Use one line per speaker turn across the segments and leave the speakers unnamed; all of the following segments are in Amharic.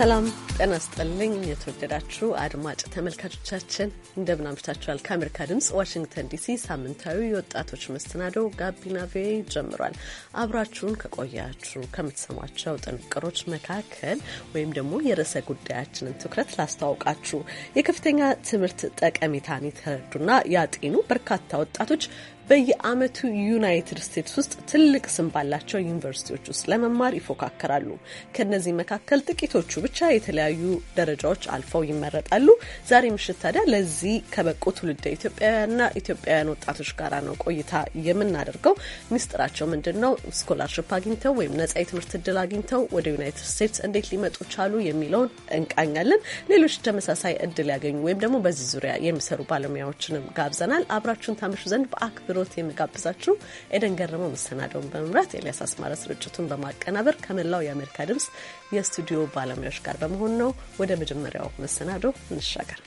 ሰላም ጤና ስጠልኝ የተወደዳችሁ አድማጭ ተመልካቾቻችን እንደምን አምሽታችኋል? ከአሜሪካ ድምጽ ዋሽንግተን ዲሲ ሳምንታዊ የወጣቶች መሰናደው ጋቢና ቪኦኤ ጀምሯል። አብራችሁን ከቆያችሁ ከምትሰሟቸው ጥንቅሮች መካከል ወይም ደግሞ የርዕሰ ጉዳያችንን ትኩረት ላስተዋውቃችሁ። የከፍተኛ ትምህርት ጠቀሜታን የተረዱና ያጤኑ በርካታ ወጣቶች በየአመቱ ዩናይትድ ስቴትስ ውስጥ ትልቅ ስም ባላቸው ዩኒቨርሲቲዎች ውስጥ ለመማር ይፎካከራሉ። ከእነዚህ መካከል ጥቂቶቹ ብቻ የተለያዩ ደረጃዎች አልፈው ይመረጣሉ። ዛሬ ምሽት ታዲያ ለዚህ ከበቁ ትውልደ ኢትዮጵያውያንና ኢትዮጵያውያን ወጣቶች ጋር ነው ቆይታ የምናደርገው። ሚስጥራቸው ምንድን ነው? ስኮላርሽፕ አግኝተው ወይም ነጻ የትምህርት እድል አግኝተው ወደ ዩናይትድ ስቴትስ እንዴት ሊመጡ ቻሉ የሚለውን እንቃኛለን። ሌሎች ተመሳሳይ እድል ያገኙ ወይም ደግሞ በዚህ ዙሪያ የሚሰሩ ባለሙያዎችንም ጋብዘናል። አብራችሁን ታመሹ ዘንድ በአክብሮ በአክብሮት የሚጋብዛችሁ ኤደን ገረመው መሰናደውን በመምራት ኤልያስ አስማረ ስርጭቱን በማቀናበር ከመላው የአሜሪካ ድምፅ የስቱዲዮ ባለሙያዎች ጋር በመሆን ነው። ወደ መጀመሪያው መሰናዶ እንሻገር።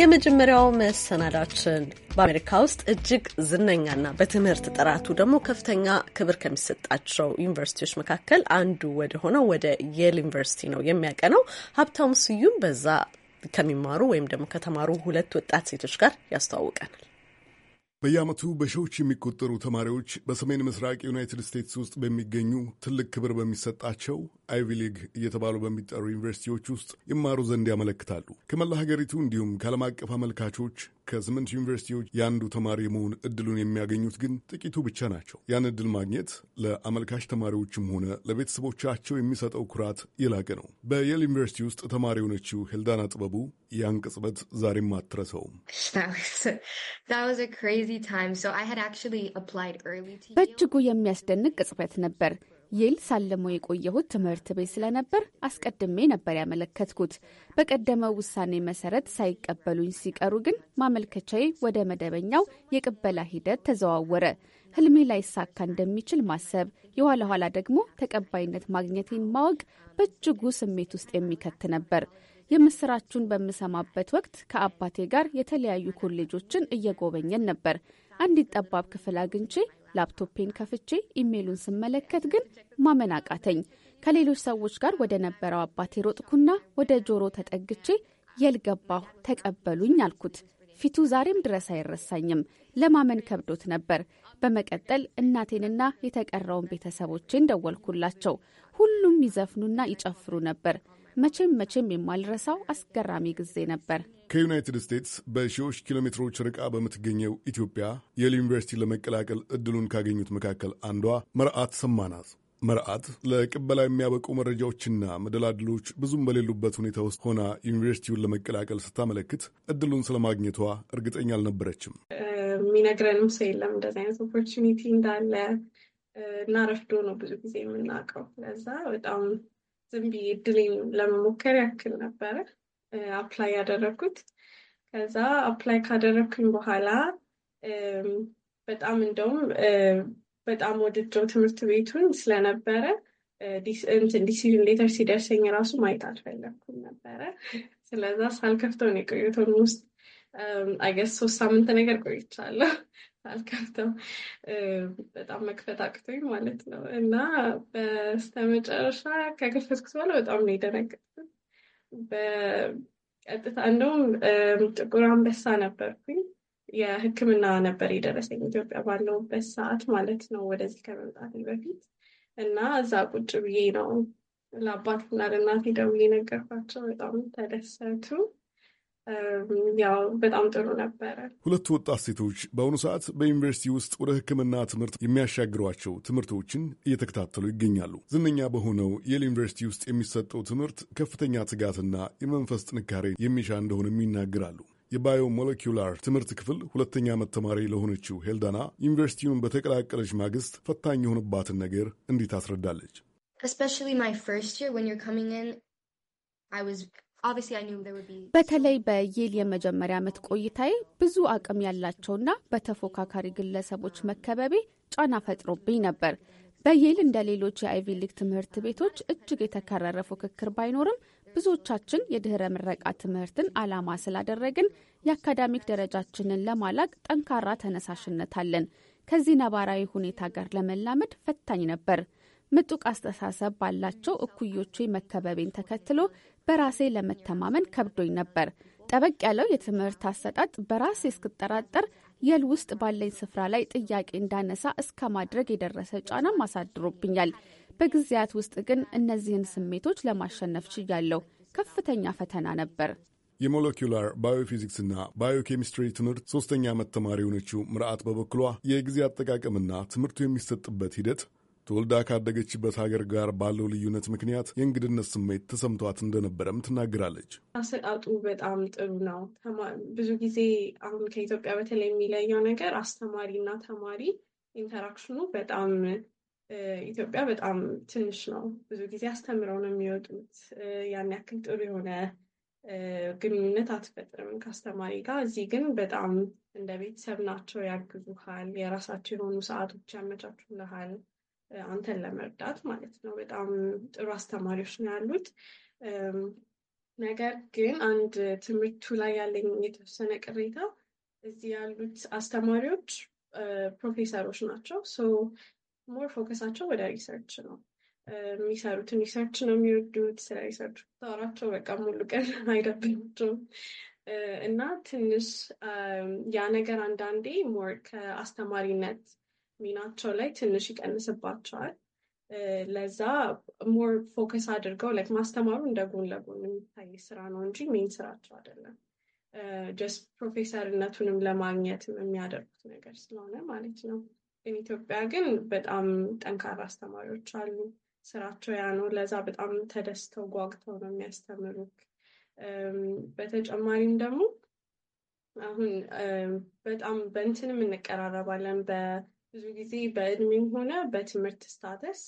የመጀመሪያው መሰናዳችን በአሜሪካ ውስጥ እጅግ ዝነኛና በትምህርት ጥራቱ ደግሞ ከፍተኛ ክብር ከሚሰጣቸው ዩኒቨርሲቲዎች መካከል አንዱ ወደ ሆነው ወደ የል ዩኒቨርሲቲ ነው የሚያቀነው። ሀብታሙ ስዩም በዛ ከሚማሩ ወይም ደግሞ ከተማሩ ሁለት ወጣት ሴቶች ጋር ያስተዋውቀናል።
በየዓመቱ በሺዎች የሚቆጠሩ ተማሪዎች በሰሜን ምስራቅ ዩናይትድ ስቴትስ ውስጥ በሚገኙ ትልቅ ክብር በሚሰጣቸው አይቪ ሊግ እየተባሉ በሚጠሩ ዩኒቨርሲቲዎች ውስጥ ይማሩ ዘንድ ያመለክታሉ። ከመላ ሀገሪቱ እንዲሁም ከዓለም አቀፍ አመልካቾች ከስምንት ዩኒቨርሲቲዎች የአንዱ ተማሪ መሆን እድሉን የሚያገኙት ግን ጥቂቱ ብቻ ናቸው። ያን እድል ማግኘት ለአመልካች ተማሪዎችም ሆነ ለቤተሰቦቻቸው የሚሰጠው ኩራት የላቀ ነው። በየል ዩኒቨርሲቲ ውስጥ ተማሪ የሆነችው ሄልዳና ጥበቡ ያን ቅጽበት ዛሬም አትረሰውም።
በእጅጉ የሚያስደንቅ ቅጽበት ነበር። ይል ሳለሞ የቆየሁት ትምህርት ቤት ስለነበር አስቀድሜ ነበር ያመለከትኩት። በቀደመው ውሳኔ መሰረት ሳይቀበሉኝ ሲቀሩ ግን ማመልከቻዬ ወደ መደበኛው የቅበላ ሂደት ተዘዋወረ። ህልሜ ላይሳካ እንደሚችል ማሰብ፣ የኋላ ኋላ ደግሞ ተቀባይነት ማግኘቴን ማወቅ በእጅጉ ስሜት ውስጥ የሚከት ነበር። የምስራቹን በምሰማበት ወቅት ከአባቴ ጋር የተለያዩ ኮሌጆችን እየጎበኘን ነበር። አንዲት ጠባብ ክፍል አግኝቼ ላፕቶፔን ከፍቼ ኢሜሉን ስመለከት ግን ማመን አቃተኝ። ከሌሎች ሰዎች ጋር ወደ ነበረው አባቴ ሮጥኩና ወደ ጆሮ ተጠግቼ የልገባሁ ተቀበሉኝ አልኩት። ፊቱ ዛሬም ድረስ አይረሳኝም። ለማመን ከብዶት ነበር። በመቀጠል እናቴንና የተቀረውን ቤተሰቦቼን ደወልኩላቸው። ሁሉም ይዘፍኑና ይጨፍሩ ነበር። መቼም መቼም የማልረሳው አስገራሚ ጊዜ ነበር።
ከዩናይትድ ስቴትስ በሺዎች ኪሎ ሜትሮች ርቃ በምትገኘው ኢትዮጵያ የል ዩኒቨርሲቲ ለመቀላቀል እድሉን ካገኙት መካከል አንዷ መርአት ሰማናት። መርዓት ለቅበላ የሚያበቁ መረጃዎችና መደላድሎች ብዙም በሌሉበት ሁኔታ ውስጥ ሆና ዩኒቨርሲቲውን ለመቀላቀል ስታመለክት እድሉን ስለማግኘቷ እርግጠኛ አልነበረችም።
የሚነግረንም ሰው የለም እንደዚህ አይነት ኦፖርቹኒቲ እንዳለ እና ረፍዶ ነው ብዙ ጊዜ የምናውቀው። ለዛ በጣም ዝም ብዬ እድሌን ለመሞከር ያክል ነበረ አፕላይ ያደረግኩት። ከዛ አፕላይ ካደረግኩኝ በኋላ በጣም እንደውም በጣም ወድጀው ትምህርት ቤቱን ስለነበረ ዲሲዥን ሌተር ሲደርሰኝ ራሱ ማየት አልፈለግኩም ነበረ። ስለዛ ሳልከፍተውን የቆየተውን ውስጥ አይገስ ሶስት ሳምንት ነገር ቆይቻለሁ። አልከፍተው በጣም መክፈት አቅቶኝ ማለት ነው። እና በስተመጨረሻ ከከፈትኩት በኋላ በጣም ነው የደነገጥኩት። በቀጥታ እንደውም ጥቁር አንበሳ ነበርኩኝ የሕክምና ነበር የደረሰኝ ኢትዮጵያ ባለውበት ሰዓት ማለት ነው ወደዚህ ከመምጣት በፊት እና እዛ ቁጭ ብዬ ነው ለአባትና ለእናቴ ደውዬ ነገርኳቸው። በጣም ተደሰቱ። ያው በጣም ጥሩ ነበረ።
ሁለቱ ወጣት ሴቶች በአሁኑ ሰዓት በዩኒቨርሲቲ ውስጥ ወደ ሕክምና ትምህርት የሚያሻግሯቸው ትምህርቶችን እየተከታተሉ ይገኛሉ። ዝነኛ በሆነው የል ዩኒቨርሲቲ ውስጥ የሚሰጠው ትምህርት ከፍተኛ ትጋትና የመንፈስ ጥንካሬ የሚሻ እንደሆነም ይናገራሉ። የባዮ ሞለኪላር ትምህርት ክፍል ሁለተኛ ዓመት ተማሪ ለሆነችው ሄልዳና ዩኒቨርሲቲውን በተቀላቀለች ማግስት ፈታኝ የሆነባትን ነገር እንዲህ አስረዳለች።
በተለይ በየል የመጀመሪያ ዓመት ቆይታዬ ብዙ አቅም ያላቸውና በተፎካካሪ ግለሰቦች መከበቤ ጫና ፈጥሮብኝ ነበር። በየል እንደ ሌሎች የአይቪ ሊግ ትምህርት ቤቶች እጅግ የተከረረ ፉክክር ባይኖርም ብዙዎቻችን የድኅረ ምረቃ ትምህርትን ዓላማ ስላደረግን የአካዳሚክ ደረጃችንን ለማላቅ ጠንካራ ተነሳሽነት አለን። ከዚህ ነባራዊ ሁኔታ ጋር ለመላመድ ፈታኝ ነበር። ምጡቅ አስተሳሰብ ባላቸው እኩዮቼ መከበቤን ተከትሎ በራሴ ለመተማመን ከብዶኝ ነበር። ጠበቅ ያለው የትምህርት አሰጣጥ በራሴ እስክጠራጠር የል ውስጥ ባለኝ ስፍራ ላይ ጥያቄ እንዳነሳ እስከ ማድረግ የደረሰ ጫናም አሳድሮብኛል። በጊዜያት ውስጥ ግን እነዚህን ስሜቶች ለማሸነፍ ችያለሁ። ከፍተኛ ፈተና ነበር።
የሞለኪላር ባዮፊዚክስና ባዮኬሚስትሪ ትምህርት ሶስተኛ ዓመት ተማሪ የሆነችው ምርአት በበኩሏ የጊዜ አጠቃቀምና ትምህርቱ የሚሰጥበት ሂደት ተወልዳ ካደገችበት ሀገር ጋር ባለው ልዩነት ምክንያት የእንግድነት ስሜት ተሰምቷት እንደነበረም ትናገራለች።
አሰጣጡ በጣም ጥሩ ነው። ብዙ ጊዜ አሁን ከኢትዮጵያ በተለይ የሚለየው ነገር አስተማሪ እና ተማሪ ኢንተራክሽኑ በጣም ኢትዮጵያ በጣም ትንሽ ነው። ብዙ ጊዜ አስተምረው ነው የሚወጡት። ያን ያክል ጥሩ የሆነ ግንኙነት አትፈጥርም ከአስተማሪ ጋር። እዚህ ግን በጣም እንደ ቤተሰብ ናቸው፣ ያግዙሃል። የራሳቸው የሆኑ ሰዓቶች ያመቻቹልሃል። አንተን ለመርዳት ማለት ነው። በጣም ጥሩ አስተማሪዎች ነው ያሉት። ነገር ግን አንድ ትምህርቱ ላይ ያለኝ የተወሰነ ቅሬታ እዚህ ያሉት አስተማሪዎች ፕሮፌሰሮች ናቸው። ሶ ሞር ፎከሳቸው ወደ ሪሰርች ነው የሚሰሩትን ሪሰርች ነው የሚወዱት። ስለ ሪሰርች ታወራቸው በቃ ሙሉ ቀን አይደብራቸውም። እና ትንሽ ያ ነገር አንዳንዴ ሞር ከአስተማሪነት ሚናቸው ላይ ትንሽ ይቀንስባቸዋል። ለዛ ሞር ፎከስ አድርገው ላይክ ማስተማሩ እንደ ጎን ለጎን የሚታይ ስራ ነው እንጂ ሜን ስራቸው አይደለም። ጀስት ፕሮፌሰርነቱንም ለማግኘት የሚያደርጉት ነገር ስለሆነ ማለት ነው። ኢትዮጵያ ግን በጣም ጠንካራ አስተማሪዎች አሉ። ስራቸው ያ ነው። ለዛ በጣም ተደስተው ጓግተው ነው የሚያስተምሩት። በተጨማሪም ደግሞ አሁን በጣም በእንትንም እንቀራረባለን ብዙ ጊዜ በእድሜም ሆነ በትምህርት ስታተስ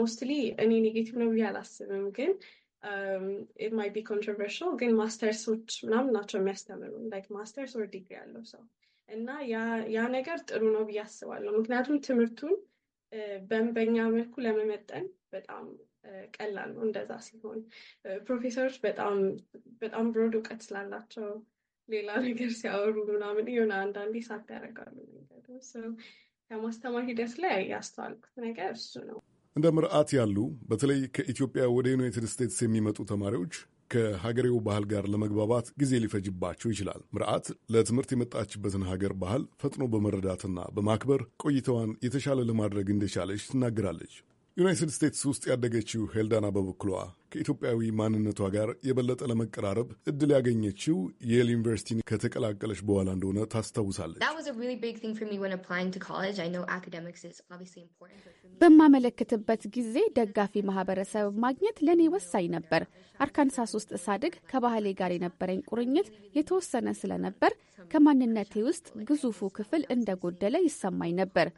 ሞስትሊ እኔ ኔጌቲቭ ነው ብዬ አላስብም፣ ግን ማይ ቢ ኮንትሮቨርሽል ግን ማስተርሶች ምናምን ናቸው የሚያስተምሩ ላይክ ማስተርስ ወር ዲግሪ ያለው ሰው እና ያ ነገር ጥሩ ነው ብዬ አስባለሁ። ምክንያቱም ትምህርቱን በእንበኛ መልኩ ለመመጠን በጣም ቀላል ነው እንደዛ ሲሆን ፕሮፌሰሮች በጣም በጣም ብሮድ እውቀት ስላላቸው ሌላ ነገር ሲያወሩ ምናምን የሆነ አንዳንዴ ሳት ያደርጋሉ። ከማስተማር ሂደት ላይ ያስተዋልኩት ነገር እሱ
ነው። እንደ ምርዓት ያሉ በተለይ ከኢትዮጵያ ወደ ዩናይትድ ስቴትስ የሚመጡ ተማሪዎች ከሀገሬው ባህል ጋር ለመግባባት ጊዜ ሊፈጅባቸው ይችላል። ምርአት ለትምህርት የመጣችበትን ሀገር ባህል ፈጥኖ በመረዳትና በማክበር ቆይታዋን የተሻለ ለማድረግ እንደቻለች ትናገራለች። ዩናይትድ ስቴትስ ውስጥ ያደገችው ሄልዳና በበኩሏ ከኢትዮጵያዊ ማንነቷ ጋር የበለጠ ለመቀራረብ እድል ያገኘችው የል ዩኒቨርሲቲን ከተቀላቀለች በኋላ እንደሆነ ታስታውሳለች።
በማመለክትበት ጊዜ ደጋፊ ማህበረሰብ ማግኘት ለእኔ ወሳኝ ነበር። አርካንሳስ ውስጥ ሳድግ ከባህሌ ጋር የነበረኝ ቁርኝት የተወሰነ ስለነበር ከማንነቴ ውስጥ ግዙፉ ክፍል እንደጎደለ ይሰማኝ ነበር።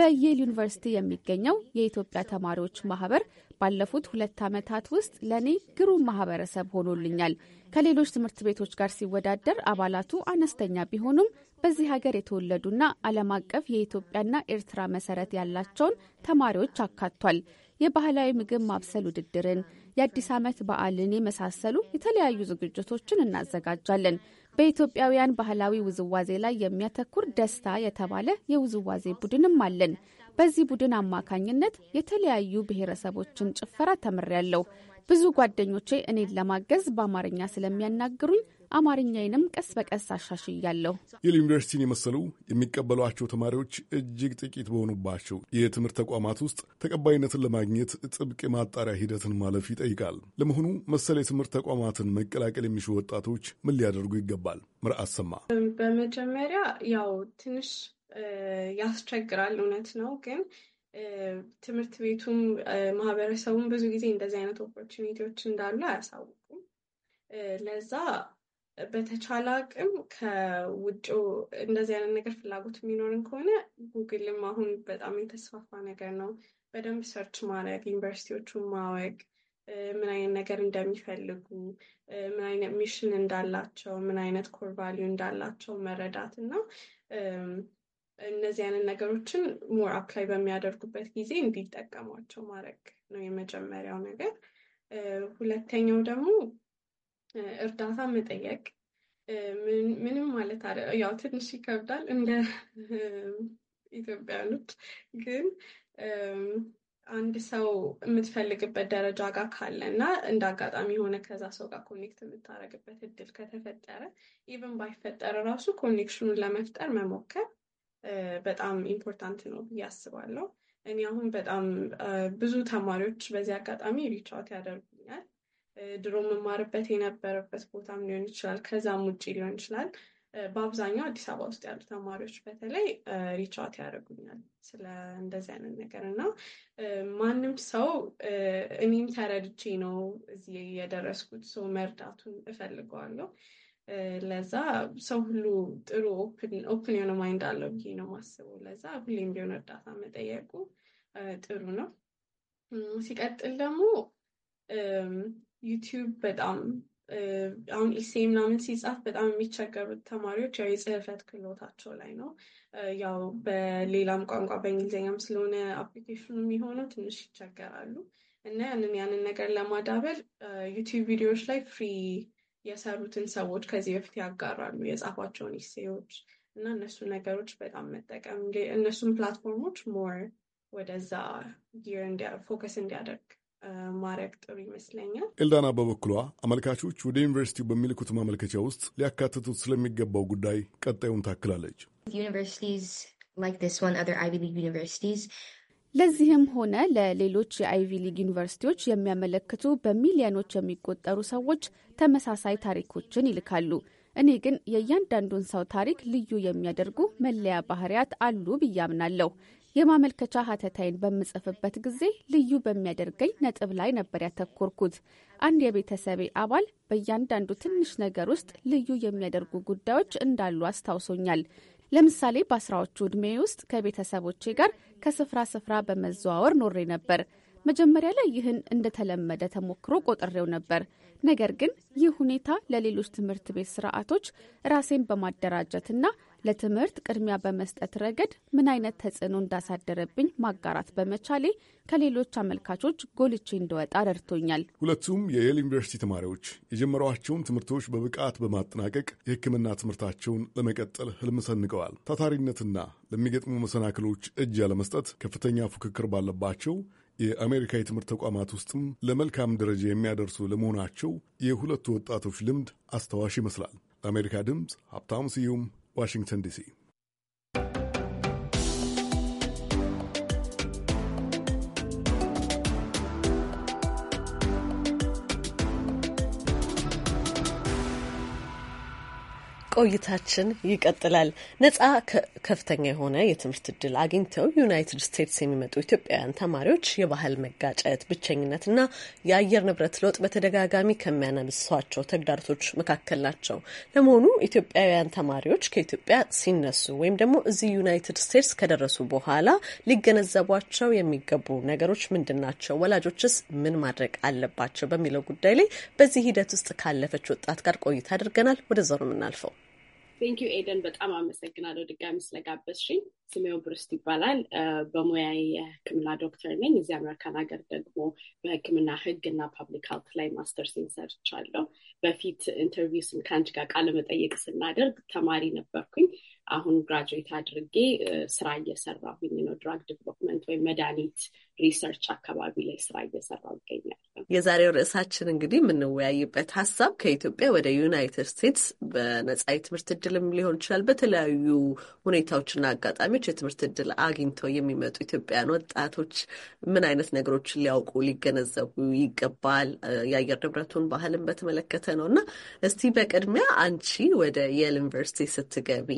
በየል ዩኒቨርሲቲ የሚገኘው የኢትዮጵያ ተማሪዎች ማህበር ባለፉት ሁለት ዓመታት ውስጥ ለእኔ ግሩም ማህበረሰብ ሆኖልኛል። ከሌሎች ትምህርት ቤቶች ጋር ሲወዳደር አባላቱ አነስተኛ ቢሆኑም በዚህ ሀገር የተወለዱና ዓለም አቀፍ የኢትዮጵያና ኤርትራ መሰረት ያላቸውን ተማሪዎች አካቷል። የባህላዊ ምግብ ማብሰል ውድድርን፣ የአዲስ ዓመት በዓልን የመሳሰሉ የተለያዩ ዝግጅቶችን እናዘጋጃለን። በኢትዮጵያውያን ባህላዊ ውዝዋዜ ላይ የሚያተኩር ደስታ የተባለ የውዝዋዜ ቡድንም አለን። በዚህ ቡድን አማካኝነት የተለያዩ ብሔረሰቦችን ጭፈራ ተምሬያለሁ። ብዙ ጓደኞቼ እኔን ለማገዝ በአማርኛ ስለሚያናግሩኝ አማርኛዬንም ቀስ በቀስ አሻሽያለሁ።
ይል ዩኒቨርሲቲን የመሰሉ የሚቀበሏቸው ተማሪዎች እጅግ ጥቂት በሆኑባቸው የትምህርት ተቋማት ውስጥ ተቀባይነትን ለማግኘት ጥብቅ የማጣሪያ ሂደትን ማለፍ ይጠይቃል። ለመሆኑ መሰል የትምህርት ተቋማትን መቀላቀል የሚሹ ወጣቶች ምን ሊያደርጉ ይገባል? ምርአት ሰማ
በመጀመሪያ ያው ትንሽ ያስቸግራል፣ እውነት ነው ግን ትምህርት ቤቱም ማህበረሰቡም ብዙ ጊዜ እንደዚህ አይነት ኦፖርቹኒቲዎች እንዳሉ አያሳውቁም። ለዛ በተቻለ አቅም ከውጭ እንደዚህ አይነት ነገር ፍላጎት የሚኖርን ከሆነ ጉግልም አሁን በጣም የተስፋፋ ነገር ነው። በደንብ ሰርች ማድረግ፣ ዩኒቨርሲቲዎቹን ማወቅ፣ ምን አይነት ነገር እንደሚፈልጉ፣ ምን አይነት ሚሽን እንዳላቸው፣ ምን አይነት ኮር ቫሊዩ እንዳላቸው መረዳት እና እነዚህ አይነት ነገሮችን ሞር አፕላይ በሚያደርጉበት ጊዜ እንዲጠቀሟቸው ማድረግ ነው የመጀመሪያው ነገር። ሁለተኛው ደግሞ እርዳታ መጠየቅ ምንም ማለት አለ ያው ትንሽ ይከብዳል እንደ ኢትዮጵያኖች ግን አንድ ሰው የምትፈልግበት ደረጃ ጋር ካለ እና እንደ አጋጣሚ የሆነ ከዛ ሰው ጋር ኮኔክት የምታደርግበት እድል ከተፈጠረ ኢቨን ባይፈጠር ራሱ ኮኔክሽኑን ለመፍጠር መሞከር በጣም ኢምፖርታንት ነው ብዬ አስባለሁ። እኔ አሁን በጣም ብዙ ተማሪዎች በዚህ አጋጣሚ ሪቻት ያደርጉኛል። ድሮ መማርበት የነበረበት ቦታም ሊሆን ይችላል፣ ከዛም ውጭ ሊሆን ይችላል። በአብዛኛው አዲስ አበባ ውስጥ ያሉ ተማሪዎች በተለይ ሪቻት ያደርጉኛል ስለ እንደዚህ አይነት ነገር እና ማንም ሰው እኔም ተረድቼ ነው እዚህ የደረስኩት ሰው መርዳቱን እፈልገዋለሁ። ለዛ ሰው ሁሉ ጥሩ ኦፕን የሆነ ማይንድ አለው ብዬ ነው ማስበው። ለዛ ሁሌም ቢሆን እርዳታ መጠየቁ ጥሩ ነው። ሲቀጥል ደግሞ ዩቲዩብ በጣም አሁን ኢሴ ምናምን ሲጻፍ በጣም የሚቸገሩት ተማሪዎች ያው የጽህፈት ክህሎታቸው ላይ ነው። ያው በሌላም ቋንቋ በእንግሊዝኛም ስለሆነ አፕሊኬሽኑ የሚሆነው ትንሽ ይቸገራሉ እና ያንን ያንን ነገር ለማዳበር ዩቲዩብ ቪዲዮዎች ላይ ፍሪ የሰሩትን ሰዎች ከዚህ በፊት ያጋራሉ የጻፏቸውን ኢሴዎች እና እነሱ ነገሮች በጣም መጠቀም እነሱን ፕላትፎርሞች ሞር ወደዛ ጊር ፎከስ እንዲያደርግ ማድረግ ጥሩ ይመስለኛል።
ኤልዳና በበኩሏ አመልካቾች ወደ ዩኒቨርሲቲው በሚልኩት ማመልከቻ ውስጥ ሊያካትቱት ስለሚገባው ጉዳይ ቀጣዩን ታክላለች።
ዩኒቨርሲቲስ ላይክ ዋን አዘር አይቪ ሊግ ዩኒቨርሲቲስ ለዚህም ሆነ ለሌሎች የአይቪ ሊግ ዩኒቨርሲቲዎች የሚያመለክቱ በሚሊዮኖች የሚቆጠሩ ሰዎች ተመሳሳይ ታሪኮችን ይልካሉ። እኔ ግን የእያንዳንዱን ሰው ታሪክ ልዩ የሚያደርጉ መለያ ባህሪያት አሉ ብዬ አምናለሁ። የማመልከቻ ሀተታይን በምጽፍበት ጊዜ ልዩ በሚያደርገኝ ነጥብ ላይ ነበር ያተኮርኩት። አንድ የቤተሰቤ አባል በእያንዳንዱ ትንሽ ነገር ውስጥ ልዩ የሚያደርጉ ጉዳዮች እንዳሉ አስታውሶኛል። ለምሳሌ በአስራዎቹ ዕድሜ ውስጥ ከቤተሰቦቼ ጋር ከስፍራ ስፍራ በመዘዋወር ኖሬ ነበር። መጀመሪያ ላይ ይህን እንደተለመደ ተሞክሮ ቆጥሬው ነበር። ነገር ግን ይህ ሁኔታ ለሌሎች ትምህርት ቤት ስርዓቶች ራሴን በማደራጀትና ለትምህርት ቅድሚያ በመስጠት ረገድ ምን አይነት ተጽዕኖ እንዳሳደረብኝ ማጋራት በመቻሌ ከሌሎች አመልካቾች ጎልቼ እንደወጣ ረድቶኛል።
ሁለቱም የየል ዩኒቨርሲቲ ተማሪዎች የጀመሯቸውን ትምህርቶች በብቃት በማጠናቀቅ የሕክምና ትምህርታቸውን ለመቀጠል ህልም ሰንቀዋል። ታታሪነትና ለሚገጥሙ መሰናክሎች እጅ ያለመስጠት ከፍተኛ ፉክክር ባለባቸው የአሜሪካ የትምህርት ተቋማት ውስጥም ለመልካም ደረጃ የሚያደርሱ ለመሆናቸው የሁለቱ ወጣቶች ልምድ አስታዋሽ ይመስላል። ለአሜሪካ ድምፅ ሀብታሙ ስዩም Washington DC.
ቆይታችን ይቀጥላል። ነጻ ከፍተኛ የሆነ የትምህርት እድል አግኝተው ዩናይትድ ስቴትስ የሚመጡ ኢትዮጵያውያን ተማሪዎች የባህል መጋጨት፣ ብቸኝነትና የአየር ንብረት ለውጥ በተደጋጋሚ ከሚያነብሷቸው ተግዳሮቶች መካከል ናቸው። ለመሆኑ ኢትዮጵያውያን ተማሪዎች ከኢትዮጵያ ሲነሱ ወይም ደግሞ እዚህ ዩናይትድ ስቴትስ ከደረሱ በኋላ ሊገነዘቧቸው የሚገቡ ነገሮች ምንድን ናቸው? ወላጆችስ ምን ማድረግ አለባቸው? በሚለው ጉዳይ ላይ በዚህ ሂደት ውስጥ ካለፈች ወጣት ጋር ቆይታ አድርገናል። ወደ ዘሩ የምናልፈው።
ቴንኪዩ ኤደን፣ በጣም አመሰግናለሁ ድጋሚ ስለጋበዝሽኝ። ስሜው ብርስት ይባላል። በሙያ የህክምና ዶክተር ነኝ። እዚህ አሜሪካን ሀገር ደግሞ በህክምና ህግ እና ፓብሊክ ሀልት ላይ ማስተርሴን ሰርቻለሁ። በፊት ኢንተርቪው ስም ከአንቺ ጋር ቃለ መጠየቅ ስናደርግ ተማሪ ነበርኩኝ። አሁን ግራጁዌት አድርጌ ስራ እየሰራሁኝ ነው። ድራግ ዲቨሎፕመንት ወይም መድኃኒት ሪሰርች አካባቢ ላይ ስራ እየሰራሁ ይገኛል።
የዛሬው ርዕሳችን እንግዲህ የምንወያይበት ሀሳብ ከኢትዮጵያ ወደ ዩናይትድ ስቴትስ በነጻ የትምህርት እድልም ሊሆን ይችላል፣ በተለያዩ ሁኔታዎችና አጋጣሚዎች የትምህርት እድል አግኝተው የሚመጡ ኢትዮጵያውያን ወጣቶች ምን አይነት ነገሮችን ሊያውቁ ሊገነዘቡ ይገባል፣ የአየር ንብረቱን ባህልን በተመለከተ ነው እና እስቲ በቅድሚያ አንቺ ወደ የል ዩኒቨርሲቲ ስትገቢ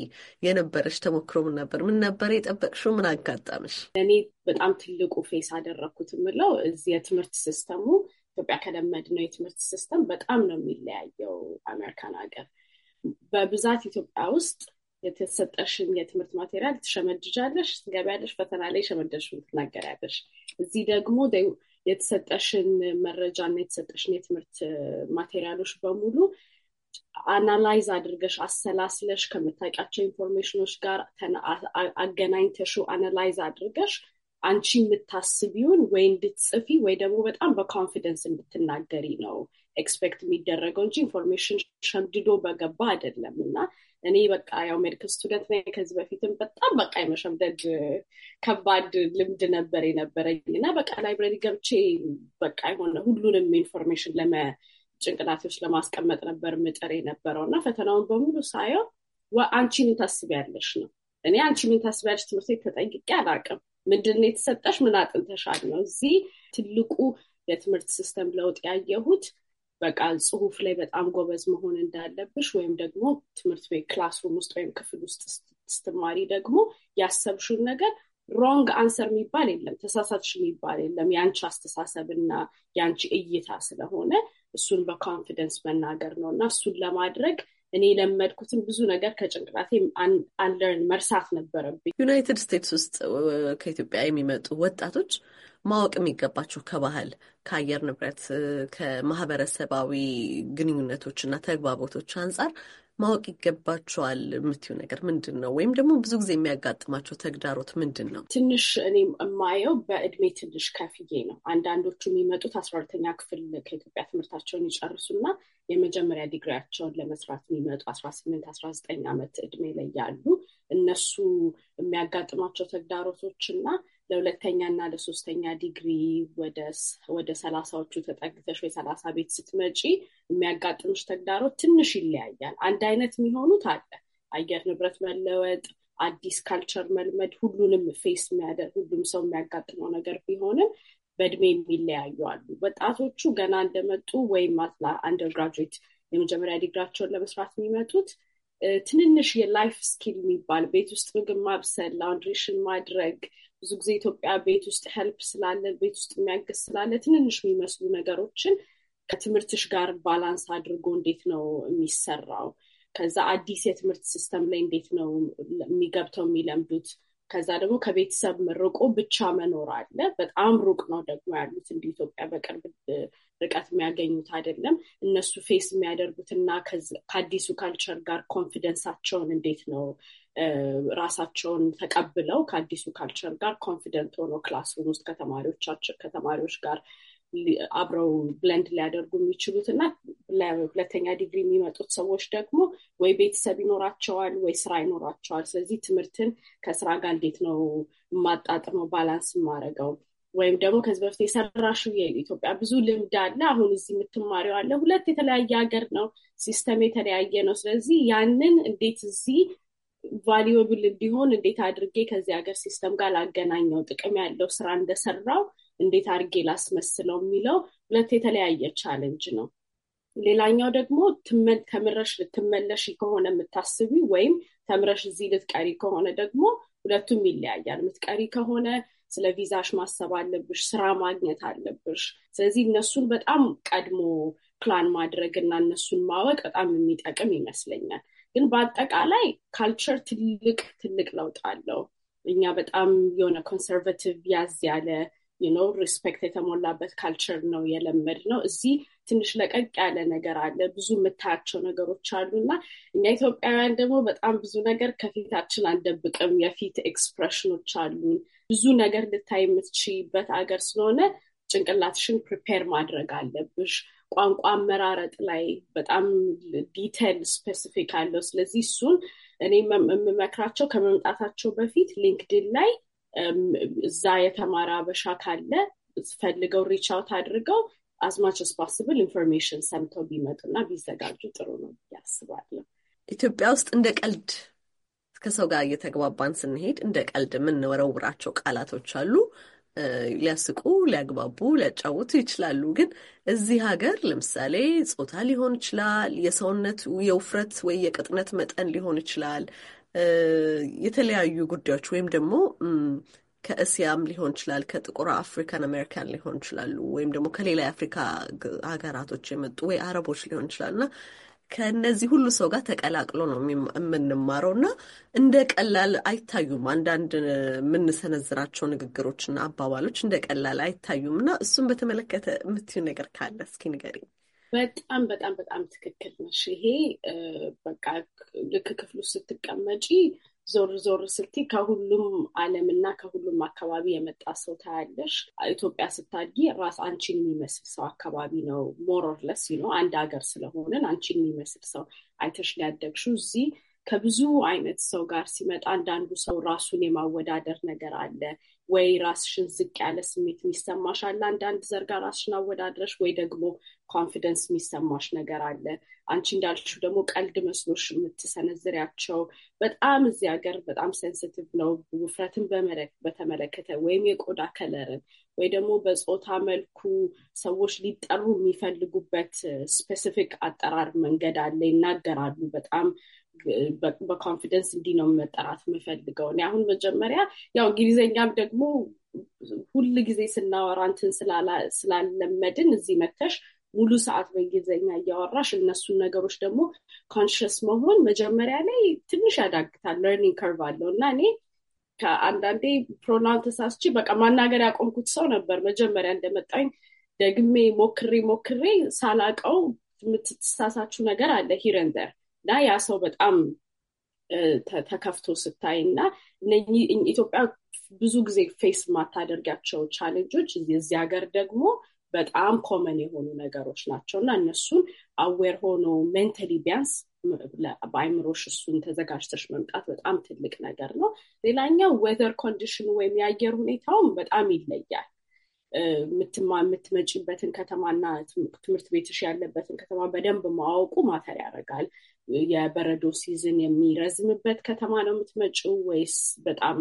የነበረች ተሞክሮ ምን ነበር? ምን ነበር የጠበቅሽው? ምን አጋጣምሽ?
እኔ በጣም ትልቁ ፌስ አደረግኩት የምለው እዚህ የትምህርት ሲስተሙ ኢትዮጵያ ከለመድነው የትምህርት ሲስተም በጣም ነው የሚለያየው። አሜሪካን ሀገር በብዛት ኢትዮጵያ ውስጥ የተሰጠሽን የትምህርት ማቴሪያል ትሸመድጃለሽ፣ ትገቢያለሽ፣ ፈተና ላይ ሸመደሽ ትናገሪያለሽ። እዚህ ደግሞ የተሰጠሽን መረጃና የተሰጠሽን የትምህርት ማቴሪያሎች በሙሉ አናላይዝ አድርገሽ አሰላስለሽ ከምታውቂያቸው ኢንፎርሜሽኖች ጋር አገናኝተሹ አናላይዝ አድርገሽ አንቺ የምታስቢውን ወይ እንድትጽፊ ወይ ደግሞ በጣም በኮንፊደንስ እንድትናገሪ ነው ኤክስፔክት የሚደረገው እንጂ ኢንፎርሜሽን ሸምድዶ በገባ አይደለም እና እኔ በቃ ያው ሜዲካል ስቱደንት ነኝ። ከዚህ በፊትም በጣም በቃ የመሸምደድ ከባድ ልምድ ነበር የነበረኝ እና በቃ ላይብረሪ ገብቼ በቃ የሆነ ሁሉንም ኢንፎርሜሽን ለመ ለማስቀመጥ ነበር ምጥር የነበረው እና ፈተናውን በሙሉ ሳየው አንቺ ምን ታስቢያለሽ ነው። እኔ አንቺ ምን ታስቢያለሽ ትምህርት ቤት ተጠይቄ አላውቅም። ምንድን ነው የተሰጠሽ? ምን አጥንተሻል ነው። እዚህ ትልቁ የትምህርት ሲስተም ለውጥ ያየሁት በቃ ጽሁፍ ላይ በጣም ጎበዝ መሆን እንዳለብሽ ወይም ደግሞ ትምህርት ቤት ክላስሩም ውስጥ ወይም ክፍል ውስጥ ስትማሪ ደግሞ ያሰብሽውን ነገር ሮንግ አንሰር የሚባል የለም፣ ተሳሳትሽ የሚባል የለም። የአንቺ አስተሳሰብና የአንቺ እይታ ስለሆነ እሱን በኮንፊደንስ መናገር ነው እና እሱን ለማድረግ እኔ የለመድኩትን ብዙ ነገር ከጭንቅላቴ አለርን መርሳት ነበረብኝ። ዩናይትድ ስቴትስ ውስጥ ከኢትዮጵያ የሚመጡ ወጣቶች ማወቅ
የሚገባቸው ከባህል፣ ከአየር ንብረት፣ ከማህበረሰባዊ ግንኙነቶች እና ተግባቦቶች አንጻር ማወቅ ይገባቸዋል የምትዩ ነገር ምንድን ነው? ወይም ደግሞ ብዙ ጊዜ የሚያጋጥማቸው ተግዳሮት ምንድን ነው?
ትንሽ እኔ የማየው በእድሜ ትንሽ ከፍዬ ነው። አንዳንዶቹ የሚመጡት አስራ ሁለተኛ ክፍል ከኢትዮጵያ ትምህርታቸውን ይጨርሱና የመጀመሪያ ዲግሪያቸውን ለመስራት የሚመጡ አስራ ስምንት አስራ ዘጠኝ ዓመት እድሜ ላይ ያሉ እነሱ የሚያጋጥማቸው ተግዳሮቶች እና ለሁለተኛ እና ለሶስተኛ ዲግሪ ወደ ሰላሳዎቹ ተጠግተሽ ወይ ሰላሳ ቤት ስትመጪ የሚያጋጥምሽ ተግዳሮት ትንሽ ይለያያል። አንድ አይነት የሚሆኑት አለ። አየር ንብረት መለወጥ፣ አዲስ ካልቸር መልመድ፣ ሁሉንም ፌስ የሚያደርግ ሁሉም ሰው የሚያጋጥመው ነገር ቢሆንም በእድሜ የሚለያዩ አሉ። ወጣቶቹ ገና እንደመጡ ወይም አንደርግራጁዌት የመጀመሪያ ዲግራቸውን ለመስራት የሚመጡት ትንንሽ የላይፍ ስኪል የሚባል ቤት ውስጥ ምግብ ማብሰል፣ ላውንድሬሽን ማድረግ፣ ብዙ ጊዜ ኢትዮጵያ ቤት ውስጥ ሄልፕ ስላለ ቤት ውስጥ የሚያገዝ ስላለ ትንንሽ የሚመስሉ ነገሮችን ከትምህርትሽ ጋር ባላንስ አድርጎ እንዴት ነው የሚሰራው? ከዛ አዲስ የትምህርት ሲስተም ላይ እንዴት ነው የሚገብተው የሚለምዱት? ከዛ ደግሞ ከቤተሰብ ርቆ ብቻ መኖር አለ። በጣም ሩቅ ነው ደግሞ ያሉት እንደ ኢትዮጵያ በቅርብ ርቀት የሚያገኙት አይደለም። እነሱ ፌስ የሚያደርጉትና ከአዲሱ ካልቸር ጋር ኮንፊደንሳቸውን እንዴት ነው ራሳቸውን ተቀብለው ከአዲሱ ካልቸር ጋር ኮንፊደንት ሆኖ ክላስሩም ውስጥ ከተማሪዎቻቸው ከተማሪዎች ጋር አብረው ብለንድ ሊያደርጉ የሚችሉት እና ለሁለተኛ ዲግሪ የሚመጡት ሰዎች ደግሞ ወይ ቤተሰብ ይኖራቸዋል ወይ ስራ ይኖራቸዋል። ስለዚህ ትምህርትን ከስራ ጋር እንዴት ነው የማጣጥመው ባላንስ የማደርገው ወይም ደግሞ ከዚህ በፊት የሰራሽው የኢትዮጵያ ብዙ ልምድ አለ። አሁን እዚህ የምትማሪው አለ። ሁለት የተለያየ ሀገር ነው፣ ሲስተም የተለያየ ነው። ስለዚህ ያንን እንዴት እዚህ ቫሊዩብል እንዲሆን እንዴት አድርጌ ከዚህ ሀገር ሲስተም ጋር ላገናኘው፣ ጥቅም ያለው ስራ እንደሰራው እንዴት አድርጌ ላስመስለው የሚለው ሁለት የተለያየ ቻለንጅ ነው። ሌላኛው ደግሞ ተምረሽ ልትመለሽ ከሆነ የምታስቢ ወይም ተምረሽ እዚህ ልትቀሪ ከሆነ ደግሞ ሁለቱም ይለያያል። የምትቀሪ ከሆነ ስለ ቪዛሽ ማሰብ አለብሽ፣ ስራ ማግኘት አለብሽ። ስለዚህ እነሱን በጣም ቀድሞ ፕላን ማድረግ እና እነሱን ማወቅ በጣም የሚጠቅም ይመስለኛል። ግን በአጠቃላይ ካልቸር ትልቅ ትልቅ ለውጥ አለው። እኛ በጣም የሆነ ኮንሰርቫቲቭ ያዝ ያለ ነው ሪስፔክት የተሞላበት ካልቸር ነው የለመድ ነው። እዚህ ትንሽ ለቀቅ ያለ ነገር አለ። ብዙ የምታያቸው ነገሮች አሉ እና እኛ ኢትዮጵያውያን ደግሞ በጣም ብዙ ነገር ከፊታችን አንደብቅም። የፊት ኤክስፕሬሽኖች አሉን ብዙ ነገር ልታይ የምትችይበት አገር ስለሆነ ጭንቅላትሽን ፕሪፔር ማድረግ አለብሽ። ቋንቋ አመራረጥ ላይ በጣም ዲቴል ስፔሲፊክ አለው። ስለዚህ እሱን እኔ የምመክራቸው ከመምጣታቸው በፊት ሊንክድን ላይ እዛ የተማረ አበሻ ካለ ፈልገው ሪቻውት አድርገው አዝማች ስፓስብል ኢንፎርሜሽን ሰምተው ቢመጡና ቢዘጋጁ ጥሩ ነው ብዬ ኢትዮጵያ ውስጥ እንደ ቀልድ ከሰው ጋር
እየተግባባን ስንሄድ እንደ ቀልድ የምንወረውራቸው ቃላቶች አሉ። ሊያስቁ፣ ሊያግባቡ፣ ሊያጫውቱ ይችላሉ። ግን እዚህ ሀገር ለምሳሌ ጾታ ሊሆን ይችላል፣ የሰውነት የውፍረት ወይ የቅጥነት መጠን ሊሆን ይችላል፣ የተለያዩ ጉዳዮች ወይም ደግሞ ከእስያም ሊሆን ይችላል፣ ከጥቁር አፍሪካን አሜሪካን ሊሆን ይችላሉ፣ ወይም ደግሞ ከሌላ የአፍሪካ ሀገራቶች የመጡ ወይ አረቦች ሊሆን ይችላል እና ከእነዚህ ሁሉ ሰው ጋር ተቀላቅሎ ነው የምንማረው እና እንደ ቀላል አይታዩም። አንዳንድ የምንሰነዝራቸው ንግግሮችና አባባሎች እንደ ቀላል አይታዩም እና እሱን በተመለከተ የምትዩ ነገር ካለ እስኪ ንገሪኝ።
በጣም በጣም በጣም ትክክል ነሽ። ይሄ በቃ ልክ ክፍሉ ስትቀመጪ ዞር ዞር ስልቲ ከሁሉም ዓለም እና ከሁሉም አካባቢ የመጣ ሰው ታያለሽ። ኢትዮጵያ ስታድጊ ራስ አንቺን የሚመስል ሰው አካባቢ ነው ሞሮርለስ ነው አንድ ሀገር ስለሆነን አንቺን የሚመስል ሰው አይተሽ ሊያደግሹ እዚህ ከብዙ አይነት ሰው ጋር ሲመጣ አንዳንዱ ሰው ራሱን የማወዳደር ነገር አለ ወይ ራስሽን ዝቅ ያለ ስሜት የሚሰማሽ አለ አንዳንድ ዘርጋ ራስሽን አወዳድረሽ ወይ ደግሞ ኮንፊደንስ የሚሰማሽ ነገር አለ። አንቺ እንዳልሽው ደግሞ ቀልድ መስሎሽ የምትሰነዝሪያቸው በጣም እዚህ ሀገር በጣም ሴንስቲቭ ነው። ውፍረትን በተመለከተ ወይም የቆዳ ከለርን ወይ ደግሞ በፆታ መልኩ ሰዎች ሊጠሩ የሚፈልጉበት ስፔሲፊክ አጠራር መንገድ አለ። ይናገራሉ በጣም በኮንፊደንስ እንዲህ ነው መጠራት የምፈልገው። እኔ አሁን መጀመሪያ ያው እንግሊዝኛም ደግሞ ሁል ጊዜ ስናወራ እንትን ስላለመድን እዚህ መተሽ ሙሉ ሰዓት በእንግሊዝኛ እያወራሽ እነሱን ነገሮች ደግሞ ኮንሽስ መሆን መጀመሪያ ላይ ትንሽ ያዳግታል፣ ለርኒንግ ከርቭ አለው እና እኔ ከአንዳንዴ ፕሮናን ተሳስቼ በቃ ማናገር ያቆምኩት ሰው ነበር። መጀመሪያ እንደመጣኝ ደግሜ ሞክሬ ሞክሬ ሳላቀው የምትሳሳችው ነገር አለ ሂረንደር እና ያ ሰው በጣም ተከፍቶ ስታይ እና ኢትዮጵያ ብዙ ጊዜ ፌስ የማታደርጋቸው ቻሌንጆች እዚህ ሀገር ደግሞ በጣም ኮመን የሆኑ ነገሮች ናቸው እና እነሱን አዌር ሆኖ ሜንታሊ ቢያንስ በአይምሮሽ እሱን ተዘጋጅተሽ መምጣት በጣም ትልቅ ነገር ነው። ሌላኛው ዌዘር ኮንዲሽኑ ወይም የአየር ሁኔታውም በጣም ይለያል። የምትመጪበትን ከተማና ትምህርት ቤትሽ ያለበትን ከተማ በደንብ ማወቁ ማተር ያደርጋል። የበረዶ ሲዝን የሚረዝምበት ከተማ ነው የምትመጪው ወይስ በጣም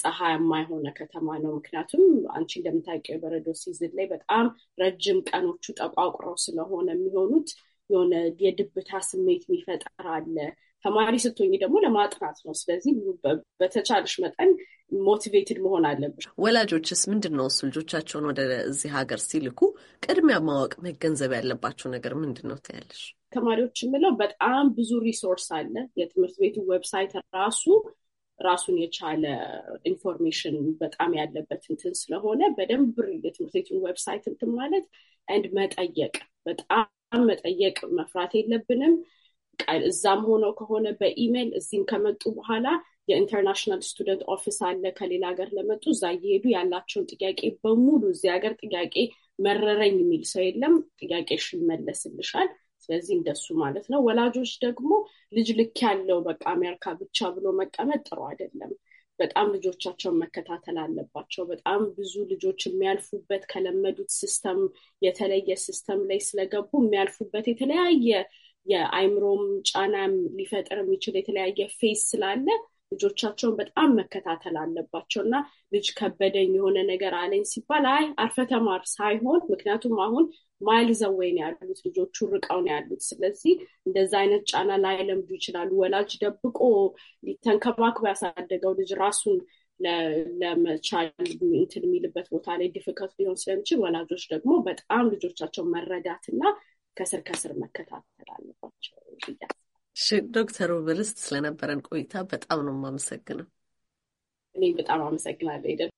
ፀሐያማ የሆነ ከተማ ነው? ምክንያቱም አንቺ እንደምታውቂው የበረዶ ሲዝን ላይ በጣም ረጅም ቀኖቹ ጠቋቁረው ስለሆነ የሚሆኑት የሆነ የድብታ ስሜት የሚፈጠር አለ። ተማሪ ስትሆኝ ደግሞ ለማጥናት ነው። ስለዚህ በተቻለሽ መጠን ሞቲቬትድ መሆን አለብሽ።
ወላጆችስ ምንድን ነው እሱ ልጆቻቸውን ወደዚህ ሀገር ሲልኩ ቅድሚያ ማወቅ መገንዘብ ያለባቸው ነገር ምንድን ነው ትያለሽ?
ተማሪዎች የምለው በጣም ብዙ ሪሶርስ አለ። የትምህርት ቤቱ ዌብሳይት ራሱ ራሱን የቻለ ኢንፎርሜሽን በጣም ያለበት እንትን ስለሆነ በደንብ የትምህርት ቤቱን ዌብሳይት እንትን ማለት እንድ መጠየቅ በጣም መጠየቅ መፍራት የለብንም። እዛም ሆነው ከሆነ በኢሜይል እዚህም ከመጡ በኋላ የኢንተርናሽናል ስቱደንት ኦፊስ አለ። ከሌላ ሀገር ለመጡ እዛ እየሄዱ ያላቸውን ጥያቄ በሙሉ እዚህ ሀገር ጥያቄ መረረኝ የሚል ሰው የለም። ጥያቄሽ ይመለስልሻል። ስለዚህ እንደሱ ማለት ነው። ወላጆች ደግሞ ልጅ ልክ ያለው በቃ አሜሪካ ብቻ ብሎ መቀመጥ ጥሩ አይደለም። በጣም ልጆቻቸውን መከታተል አለባቸው። በጣም ብዙ ልጆች የሚያልፉበት ከለመዱት ሲስተም የተለየ ሲስተም ላይ ስለገቡ የሚያልፉበት የተለያየ የአይምሮም ጫናም ሊፈጥር የሚችል የተለያየ ፌዝ ስላለ ልጆቻቸውን በጣም መከታተል አለባቸው እና ልጅ ከበደኝ የሆነ ነገር አለኝ ሲባል አይ አርፈተማር ሳይሆን ምክንያቱም አሁን ማይል ዘወይን ያሉት ልጆቹ ርቀው ነው ያሉት። ስለዚህ እንደዛ አይነት ጫና ላይ ለምዱ ይችላሉ። ወላጅ ደብቆ ተንከባክቦ ያሳደገው ልጅ ራሱን ለመቻል እንትን የሚልበት ቦታ ላይ ዲፍከት ሊሆን ስለሚችል ወላጆች ደግሞ በጣም ልጆቻቸው መረዳትና ከስር ከስር መከታተል አለባቸው።
ዶክተር ውብልስት ስለነበረን ቆይታ በጣም ነው የማመሰግነው።
እኔ በጣም አመሰግናለሁ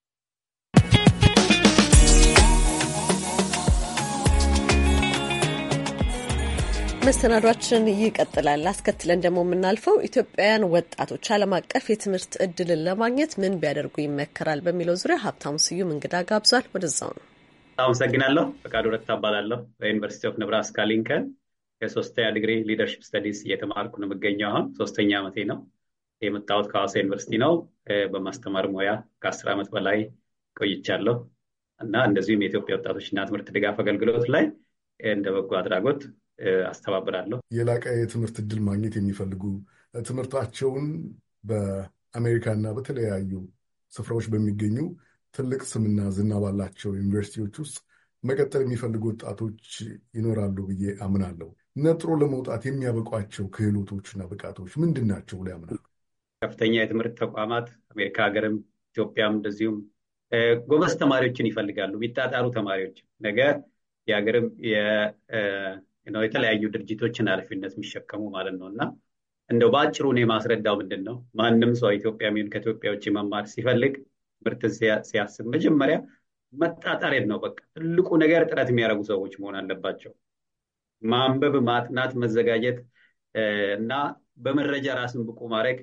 መሰናዷችን ይቀጥላል። አስከትለን ደግሞ የምናልፈው ኢትዮጵያውያን ወጣቶች ዓለም አቀፍ የትምህርት እድልን ለማግኘት ምን ቢያደርጉ ይመከራል በሚለው ዙሪያ ሀብታሙ ስዩም እንግዳ ጋብዟል። ወደዛው ነው።
አመሰግናለሁ። ፈቃዱ ረታ እባላለሁ። በዩኒቨርሲቲ ኦፍ ነብራስካ ሊንከን የሶስተኛ ዲግሪ ሊደርሽፕ ስተዲስ እየተማርኩ ነው የምገኘው። አሁን ሶስተኛ ዓመቴ ነው። የመጣሁት ከሐዋሳ ዩኒቨርሲቲ ነው። በማስተማር ሙያ ከአስር ዓመት በላይ ቆይቻለሁ እና እንደዚሁም የኢትዮጵያ ወጣቶችና ትምህርት ድጋፍ አገልግሎት ላይ እንደ በጎ አድራጎት አስተባብራለሁ።
የላቀ የትምህርት እድል ማግኘት የሚፈልጉ ትምህርታቸውን በአሜሪካና በተለያዩ ስፍራዎች በሚገኙ ትልቅ ስምና ዝና ባላቸው ዩኒቨርሲቲዎች ውስጥ መቀጠል የሚፈልጉ ወጣቶች ይኖራሉ ብዬ አምናለሁ። ነጥሮ ለመውጣት የሚያበቋቸው ክህሎቶችና ብቃቶች ምንድን ናቸው ብሎ ያምናሉ?
ከፍተኛ የትምህርት ተቋማት አሜሪካ ሀገርም ኢትዮጵያም እንደዚሁም ጎበዝ ተማሪዎችን ይፈልጋሉ። የሚጣጣሩ ተማሪዎች ነገ የሀገርም የተለያዩ ድርጅቶችን ኃላፊነት የሚሸከሙ ማለት ነው እና እንደው በአጭሩ እኔ ማስረዳው ምንድን ነው ማንም ሰው ኢትዮጵያ ከኢትዮጵያ ውጭ መማር ሲፈልግ ምርት ሲያስብ መጀመሪያ መጣጣሬን ነው። በቃ ትልቁ ነገር ጥረት የሚያደርጉ ሰዎች መሆን አለባቸው። ማንበብ፣ ማጥናት፣ መዘጋጀት እና በመረጃ ራስን ብቁ ማድረግ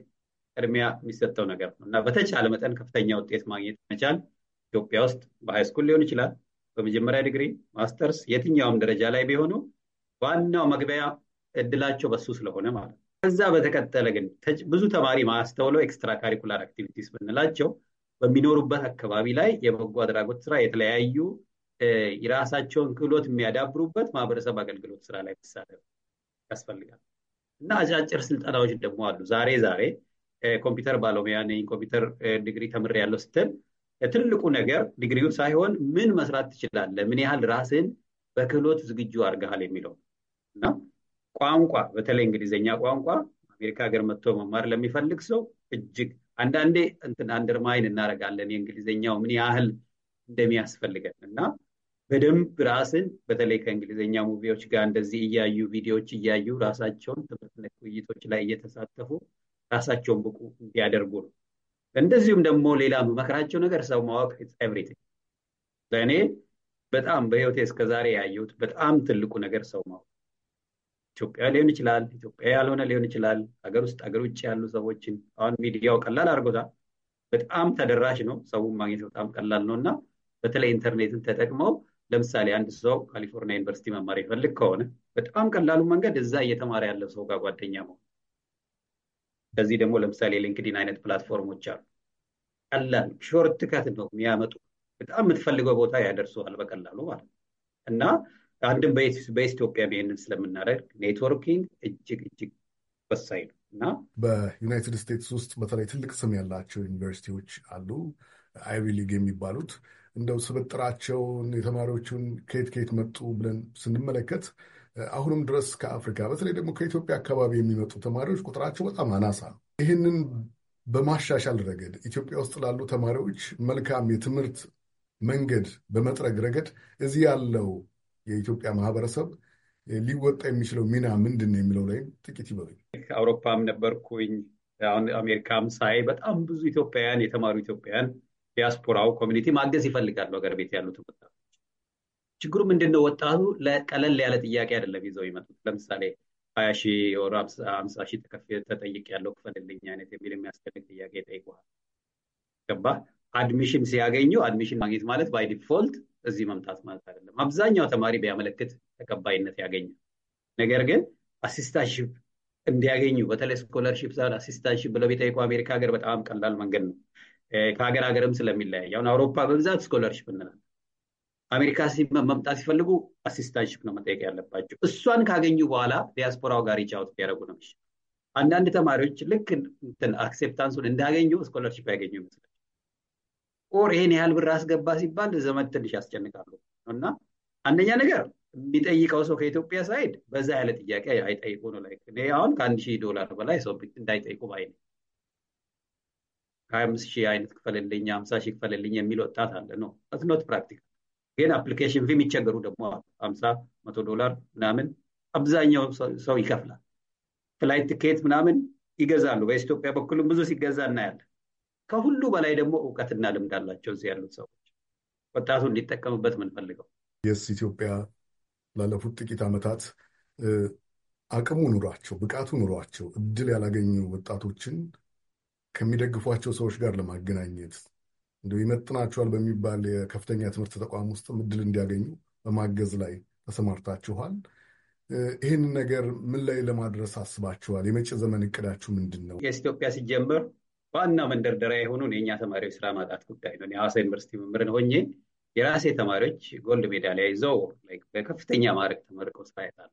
ቅድሚያ የሚሰጠው ነገር ነው እና በተቻለ መጠን ከፍተኛ ውጤት ማግኘት መቻል ኢትዮጵያ ውስጥ በሃይስኩል ሊሆን ይችላል፣ በመጀመሪያ ዲግሪ፣ ማስተርስ፣ የትኛውም ደረጃ ላይ ቢሆኑ ዋናው መግቢያ እድላቸው በሱ ስለሆነ ማለት ነው። ከዛ በተቀጠለ ግን ብዙ ተማሪ ማስተውለው ኤክስትራ ካሪኩላር አክቲቪቲስ ብንላቸው በሚኖሩበት አካባቢ ላይ የበጎ አድራጎት ስራ የተለያዩ የራሳቸውን ክህሎት የሚያዳብሩበት ማህበረሰብ አገልግሎት ስራ ላይ መሳተፍ ያስፈልጋል እና አጫጭር ስልጠናዎች ደግሞ አሉ። ዛሬ ዛሬ ኮምፒውተር ባለሙያ ነኝ ኮምፒውተር ዲግሪ ያለው ስትል ትልቁ ነገር ዲግሪው ሳይሆን ምን መስራት ትችላለህ፣ ምን ያህል ራስን በክህሎት ዝግጁ አድርገሃል የሚለው እና ቋንቋ በተለይ እንግሊዝኛ ቋንቋ አሜሪካ ሀገር መጥቶ መማር ለሚፈልግ ሰው እጅግ አንዳንዴ እንትን አንደርማይን እናደርጋለን የእንግሊዝኛው ምን ያህል እንደሚያስፈልገን እና በደንብ ራስን በተለይ ከእንግሊዝኛ ሙቪዎች ጋር እንደዚህ እያዩ ቪዲዮዎች እያዩ ራሳቸውን ትምህርት ነክ ውይይቶች ላይ እየተሳተፉ ራሳቸውን ብቁ እንዲያደርጉ ነው። እንደዚሁም ደግሞ ሌላ መመክራቸው ነገር ሰው ማወቅ ኤቭሪቲንግ ለእኔ በጣም በህይወቴ እስከዛሬ ያየሁት በጣም ትልቁ ነገር ሰው ማወቅ ኢትዮጵያ ሊሆን ይችላል፣ ኢትዮጵያ ያልሆነ ሊሆን ይችላል። ሀገር ውስጥ ሀገር ውጭ ያሉ ሰዎችን አሁን ሚዲያው ቀላል አድርጎታል። በጣም ተደራሽ ነው። ሰውን ማግኘት በጣም ቀላል ነው እና በተለይ ኢንተርኔትን ተጠቅመው ለምሳሌ አንድ ሰው ካሊፎርኒያ ዩኒቨርሲቲ መማር ይፈልግ ከሆነ በጣም ቀላሉ መንገድ እዛ እየተማረ ያለው ሰው ጋር ጓደኛ መሆን። ከዚህ ደግሞ ለምሳሌ ሊንክዲን አይነት ፕላትፎርሞች አሉ። ቀላል ሾርት ከት ነው የሚያመጡ። በጣም የምትፈልገው ቦታ ያደርሰዋል በቀላሉ ማለት ነው እና አንድም በኢትዮጵያ ይህንን ስለምናደርግ ኔትወርኪንግ እጅግ እጅግ ወሳኝ ነው እና
በዩናይትድ ስቴትስ ውስጥ በተለይ ትልቅ ስም ያላቸው ዩኒቨርሲቲዎች አሉ፣ አይቪ ሊግ የሚባሉት እንደው ስብጥራቸውን የተማሪዎቹን ከየት ከየት መጡ ብለን ስንመለከት አሁንም ድረስ ከአፍሪካ በተለይ ደግሞ ከኢትዮጵያ አካባቢ የሚመጡ ተማሪዎች ቁጥራቸው በጣም አናሳ ነው። ይህንን በማሻሻል ረገድ ኢትዮጵያ ውስጥ ላሉ ተማሪዎች መልካም የትምህርት መንገድ በመጥረግ ረገድ እዚህ ያለው የኢትዮጵያ ማህበረሰብ ሊወጣ የሚችለው ሚና ምንድን ነው የሚለው ላይም ጥቂት ይበሉኝ።
አውሮፓም ነበርኩኝ አሁን አሜሪካም ሳይ በጣም ብዙ ኢትዮጵያውያን የተማሩ ኢትዮጵያውያን ዲያስፖራው ኮሚኒቲ ማገዝ ይፈልጋሉ። ሀገር ቤት ያሉት ወጣቶች ችግሩ ምንድን ነው? ወጣቱ ቀለል ያለ ጥያቄ አይደለም ይዘው ይመጡት። ለምሳሌ ሀያ ሺ ወር ሀምሳ ሺህ ተጠይቅ ያለው ክፈልልኝ አይነት የሚል የሚያስፈልግ ጥያቄ ይጠይቀዋል። ገባ አድሚሽን ሲያገኙ አድሚሽን ማግኘት ማለት ባይ ዲፎልት እዚህ መምጣት ማለት አይደለም። አብዛኛው ተማሪ ቢያመለክት ተቀባይነት ያገኛል። ነገር ግን አሲስታንሺፕ እንዲያገኙ በተለይ ስኮለርሺፕ ሳይሆን አሲስታንሺፕ ብለቤጠይቁ አሜሪካ ሀገር በጣም ቀላል መንገድ ነው። ከሀገር ሀገርም ስለሚለያይ አሁን አውሮፓ በብዛት ስኮለርሺፕ እንላለን። አሜሪካ መምጣት ሲፈልጉ አሲስታንሽፕ ነው መጠየቅ ያለባቸው። እሷን ካገኙ በኋላ ዲያስፖራው ጋር ሪቻውት ቢያደርጉ ነው። አንዳንድ ተማሪዎች ልክ እንትን አክሴፕታንሱን እንዳገኙ ስኮለርሽፕ ያገኙ ይመስላል። ኦር ይሄን ያህል ብር አስገባ ሲባል ዘመድ ትንሽ ያስጨንቃሉ እና አንደኛ ነገር የሚጠይቀው ሰው ከኢትዮጵያ ሳይድ በዛ ያለ ጥያቄ አይጠይቁ ነው። ላይ አሁን ከአንድ ሺህ ዶላር በላይ ሰው እንዳይጠይቁ ባይ ነው። ከሀያ አምስት ሺህ አይነት ክፈልልኝ፣ ሀምሳ ሺህ ክፈልልኝ የሚል ወጣት አለ ነው ኖት ፕራክቲካል። ግን አፕሊኬሽን ፊ የሚቸገሩ ደግሞ ሀምሳ መቶ ዶላር ምናምን አብዛኛው ሰው ይከፍላል። ፍላይት ትኬት ምናምን ይገዛሉ። በኢትዮጵያ በኩልም ብዙ ሲገዛ እናያለን። ከሁሉ በላይ ደግሞ እውቀትና ልምድ አላቸው እዚህ ያሉት ሰዎች። ወጣቱ እንዲጠቀሙበት ምንፈልገው
የስ ኢትዮጵያ ላለፉት ጥቂት ዓመታት አቅሙ ኑሯቸው ብቃቱ ኑሯቸው እድል ያላገኙ ወጣቶችን ከሚደግፏቸው ሰዎች ጋር ለማገናኘት እንደ ይመጥናቸዋል በሚባል የከፍተኛ ትምህርት ተቋም ውስጥ እድል እንዲያገኙ በማገዝ ላይ ተሰማርታችኋል። ይህን ነገር ምን ላይ ለማድረስ አስባችኋል? የመጪ ዘመን እቅዳችሁ ምንድን ነው?
የስ ኢትዮጵያ ሲጀመር ዋና መንደርደሪያ የሆነውን የእኛ ተማሪዎች ስራ ማጣት ጉዳይ ነው። የሐዋሳ ዩኒቨርሲቲ መምህርን ሆኜ የራሴ ተማሪዎች ጎልድ ሜዳሊያ ይዘው በከፍተኛ ማዕረግ ተመርቀው ስራ ያጣሉ።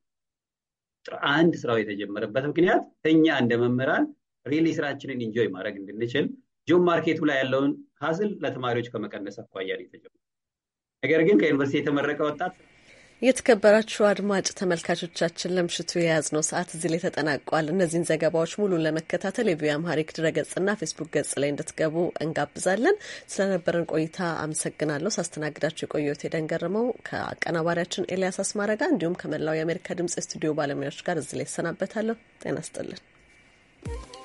አንድ ስራው የተጀመረበት ምክንያት እኛ እንደ መምህራን ሪሊ ስራችንን ኢንጆይ ማድረግ እንድንችል ጆብ ማርኬቱ ላይ ያለውን ሀዝል ለተማሪዎች ከመቀነስ አኳያ ነው የተጀመረው። ነገር ግን ከዩኒቨርሲቲ የተመረቀ ወጣት
የተከበራችሁ አድማጭ ተመልካቾቻችን ለምሽቱ የያዝነው ሰዓት እዚህ ላይ ተጠናቋል። እነዚህን ዘገባዎች ሙሉን ለመከታተል የቪኦኤ አምሃሪክ ድረገጽና ፌስቡክ ገጽ ላይ እንድትገቡ እንጋብዛለን። ስለነበረን ቆይታ አመሰግናለሁ። ሳስተናግዳችሁ የቆየሁት ኤደን ገርመው ከአቀናባሪያችን ኤልያስ አስማረ ጋር እንዲሁም ከመላው የአሜሪካ ድምጽ የስቱዲዮ ባለሙያዎች ጋር እዚህ ላይ ይሰናበታለሁ። ጤና ይስጥልን።